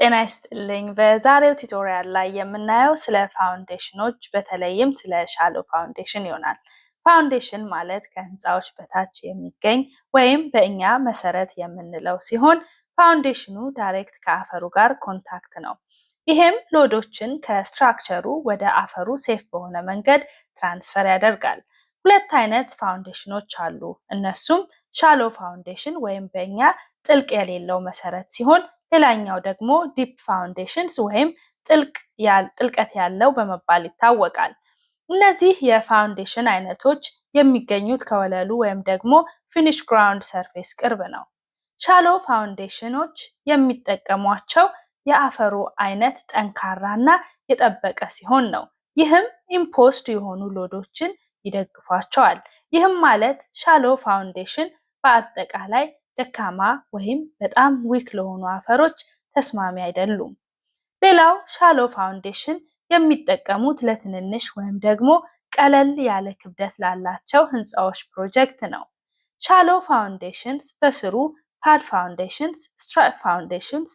ጤና ይስጥልኝ። በዛሬው ቱቶሪያል ላይ የምናየው ስለ ፋውንዴሽኖች በተለይም ስለ ሻሎ ፋውንዴሽን ይሆናል። ፋውንዴሽን ማለት ከህንፃዎች በታች የሚገኝ ወይም በእኛ መሰረት የምንለው ሲሆን ፋውንዴሽኑ ዳይሬክት ከአፈሩ ጋር ኮንታክት ነው። ይህም ሎዶችን ከስትራክቸሩ ወደ አፈሩ ሴፍ በሆነ መንገድ ትራንስፈር ያደርጋል። ሁለት አይነት ፋውንዴሽኖች አሉ። እነሱም ሻሎ ፋውንዴሽን ወይም በእኛ ጥልቅ የሌለው መሰረት ሲሆን ሌላኛው ደግሞ ዲፕ ፋውንዴሽንስ ወይም ጥልቀት ያለው በመባል ይታወቃል። እነዚህ የፋውንዴሽን አይነቶች የሚገኙት ከወለሉ ወይም ደግሞ ፊኒሽ ግራውንድ ሰርፌስ ቅርብ ነው። ሻሎ ፋውንዴሽኖች የሚጠቀሟቸው የአፈሩ አይነት ጠንካራ እና የጠበቀ ሲሆን ነው። ይህም ኢምፖስት የሆኑ ሎዶችን ይደግፏቸዋል። ይህም ማለት ሻሎ ፋውንዴሽን በአጠቃላይ ደካማ ወይም በጣም ዊክ ለሆኑ አፈሮች ተስማሚ አይደሉም። ሌላው ሻሎ ፋውንዴሽን የሚጠቀሙት ለትንንሽ ወይም ደግሞ ቀለል ያለ ክብደት ላላቸው ህንፃዎች ፕሮጀክት ነው። ሻሎ ፋውንዴሽንስ በስሩ ፓድ ፋውንዴሽንስ፣ ስትራፕ ፋውንዴሽንስ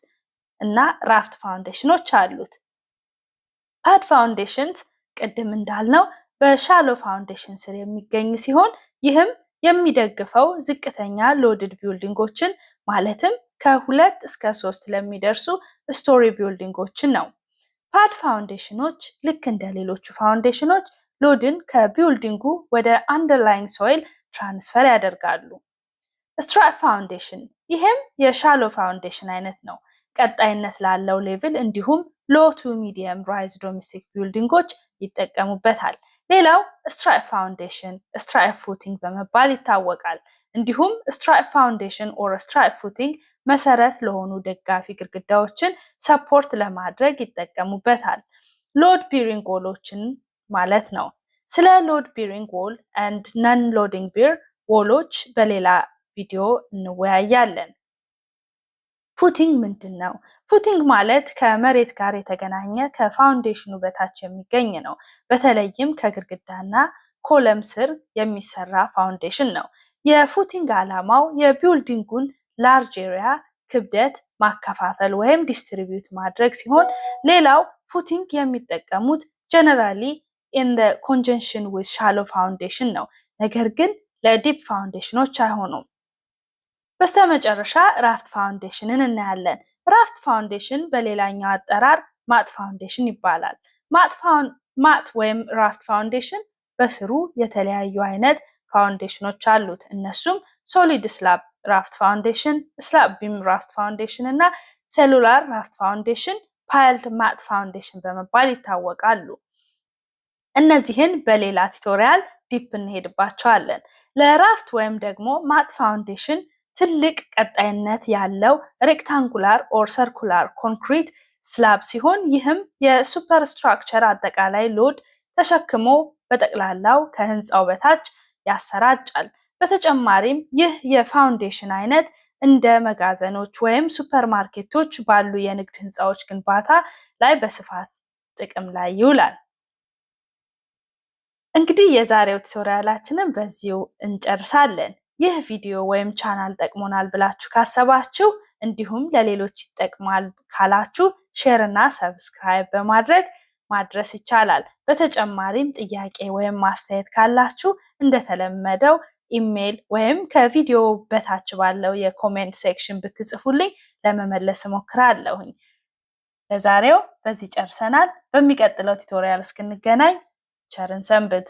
እና ራፍት ፋውንዴሽኖች አሉት። ፓድ ፋውንዴሽንስ ቅድም እንዳልነው በሻሎ ፋውንዴሽን ስር የሚገኝ ሲሆን ይህም የሚደግፈው ዝቅተኛ ሎድድ ቢልዲንጎችን ማለትም ከሁለት እስከ ሶስት ለሚደርሱ ስቶሪ ቢልዲንጎችን ነው። ፓድ ፋውንዴሽኖች ልክ እንደ ሌሎቹ ፋውንዴሽኖች ሎድን ከቢውልዲንጉ ወደ አንደርላይንግ ሶይል ትራንስፈር ያደርጋሉ። ስትራፕ ፋውንዴሽን፣ ይህም የሻሎ ፋውንዴሽን አይነት ነው። ቀጣይነት ላለው ሌቭል እንዲሁም ሎቱ ሚዲየም ራይዝ ዶሜስቲክ ቢውልዲንጎች ይጠቀሙበታል። ሌላው ስትራይፕ ፋውንዴሽን ስትራይፕ ፉቲንግ በመባል ይታወቃል። እንዲሁም ስትራይፕ ፋውንዴሽን ኦር ስትራይፕ ፉቲንግ መሰረት ለሆኑ ደጋፊ ግድግዳዎችን ሰፖርት ለማድረግ ይጠቀሙበታል። ሎድ ቢሪንግ ዎሎችን ማለት ነው። ስለ ሎድ ቢሪንግ ዎል ኤንድ ነን ሎዲንግ ቢር ዎሎች በሌላ ቪዲዮ እንወያያለን። ፉቲንግ ምንድን ነው? ፉቲንግ ማለት ከመሬት ጋር የተገናኘ ከፋውንዴሽኑ በታች የሚገኝ ነው። በተለይም ከግድግዳና ኮለም ስር የሚሰራ ፋውንዴሽን ነው። የፉቲንግ ዓላማው የቢውልዲንጉን ላርጅ ኤሪያ ክብደት ማከፋፈል ወይም ዲስትሪቢዩት ማድረግ ሲሆን ሌላው ፉቲንግ የሚጠቀሙት ጀነራሊ ኢን ኮንጀንሽን ዊዝ ሻሎ ፋውንዴሽን ነው። ነገር ግን ለዲፕ ፋውንዴሽኖች አይሆኑም። በስተመጨረሻ ራፍት ፋውንዴሽንን እናያለን። ራፍት ፋውንዴሽን በሌላኛው አጠራር ማጥ ፋውንዴሽን ይባላል። ማጥ ወይም ራፍት ፋውንዴሽን በስሩ የተለያዩ አይነት ፋውንዴሽኖች አሉት። እነሱም ሶሊድ ስላብ ራፍት ፋውንዴሽን፣ ስላብ ቢም ራፍት ፋውንዴሽን እና ሴሉላር ራፍት ፋውንዴሽን፣ ፓይልድ ማጥ ፋውንዴሽን በመባል ይታወቃሉ። እነዚህን በሌላ ቲቶሪያል ዲፕ እንሄድባቸዋለን። ለራፍት ወይም ደግሞ ማጥ ፋውንዴሽን ትልቅ ቀጣይነት ያለው ሬክታንጉላር ኦር ሰርኩላር ኮንክሪት ስላብ ሲሆን ይህም የሱፐርስትራክቸር አጠቃላይ ሎድ ተሸክሞ በጠቅላላው ከህንፃው በታች ያሰራጫል። በተጨማሪም ይህ የፋውንዴሽን አይነት እንደ መጋዘኖች ወይም ሱፐር ማርኬቶች ባሉ የንግድ ህንፃዎች ግንባታ ላይ በስፋት ጥቅም ላይ ይውላል። እንግዲህ የዛሬው ቱቶሪያላችንን በዚሁ እንጨርሳለን። ይህ ቪዲዮ ወይም ቻናል ጠቅሞናል ብላችሁ ካሰባችሁ እንዲሁም ለሌሎች ይጠቅማል ካላችሁ ሼር እና ሰብስክራይብ በማድረግ ማድረስ ይቻላል። በተጨማሪም ጥያቄ ወይም ማስተያየት ካላችሁ እንደተለመደው ኢሜይል ወይም ከቪዲዮ በታች ባለው የኮሜንት ሴክሽን ብትጽፉልኝ ለመመለስ እሞክራለሁኝ። ለዛሬው በዚህ ጨርሰናል። በሚቀጥለው ቲቶሪያል እስክንገናኝ ቸርን ሰንብት።